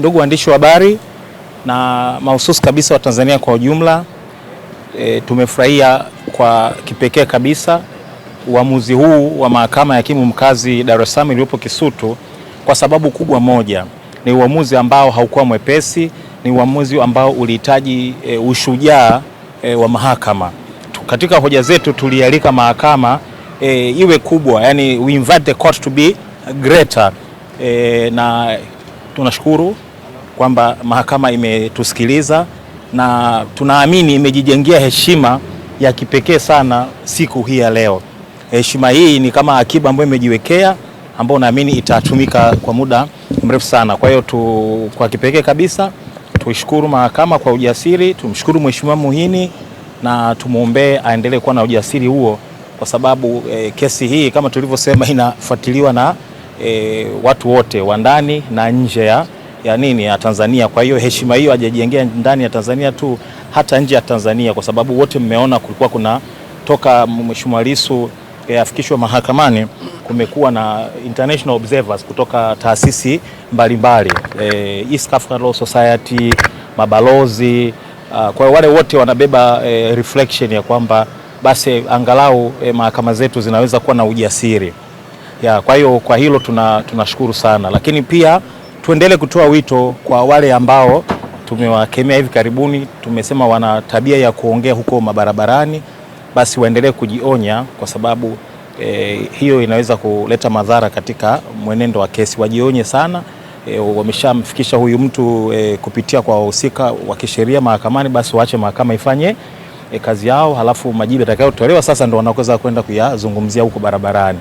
Ndugu waandishi wa habari na mahususi kabisa wa Tanzania kwa ujumla, e, tumefurahia kwa kipekee kabisa uamuzi huu wa mahakama ya hakimu mkazi Dar es Salaam iliyopo Kisutu kwa sababu kubwa moja, ni uamuzi ambao haukuwa mwepesi, ni uamuzi ambao ulihitaji e, ushujaa e, wa mahakama. Katika hoja zetu tulialika mahakama e, iwe kubwa, yani we invite the court to be greater e, na tunashukuru kwamba mahakama imetusikiliza na tunaamini imejijengea heshima ya kipekee sana siku hii ya leo. Heshima hii ni kama akiba ambayo imejiwekea ambayo naamini itatumika kwa muda mrefu sana. Kwa hiyo tu, kwa kipekee kabisa tuishukuru mahakama kwa ujasiri, tumshukuru Mheshimiwa Muhini na tumwombee aendelee kuwa na ujasiri huo, kwa sababu e, kesi hii kama tulivyosema inafuatiliwa na e, watu wote wa ndani na nje ya ya nini ya Tanzania. Kwa hiyo heshima hiyo hajajengea ndani ya Tanzania tu, hata nje ya Tanzania, kwa sababu wote mmeona kulikuwa kuna toka Mheshimiwa Lissu eh, afikishwa mahakamani, kumekuwa na international observers kutoka taasisi mbalimbali e, East African Law Society, mabalozi. Ah, kwa wale wote wanabeba e, reflection ya kwamba basi angalau e, mahakama zetu zinaweza kuwa na ujasiri ya. Kwa hiyo kwa hilo tunashukuru tuna sana, lakini pia tuendelee kutoa wito kwa wale ambao tumewakemea hivi karibuni, tumesema wana tabia ya kuongea huko mabarabarani, basi waendelee kujionya kwa sababu e, hiyo inaweza kuleta madhara katika mwenendo wa kesi. Wajionye sana e, wameshamfikisha huyu mtu e, kupitia kwa wahusika wa kisheria mahakamani, basi waache mahakama ifanye e, kazi yao, halafu majibu yatakayotolewa sasa ndo wanaweza kwenda kuyazungumzia huko barabarani.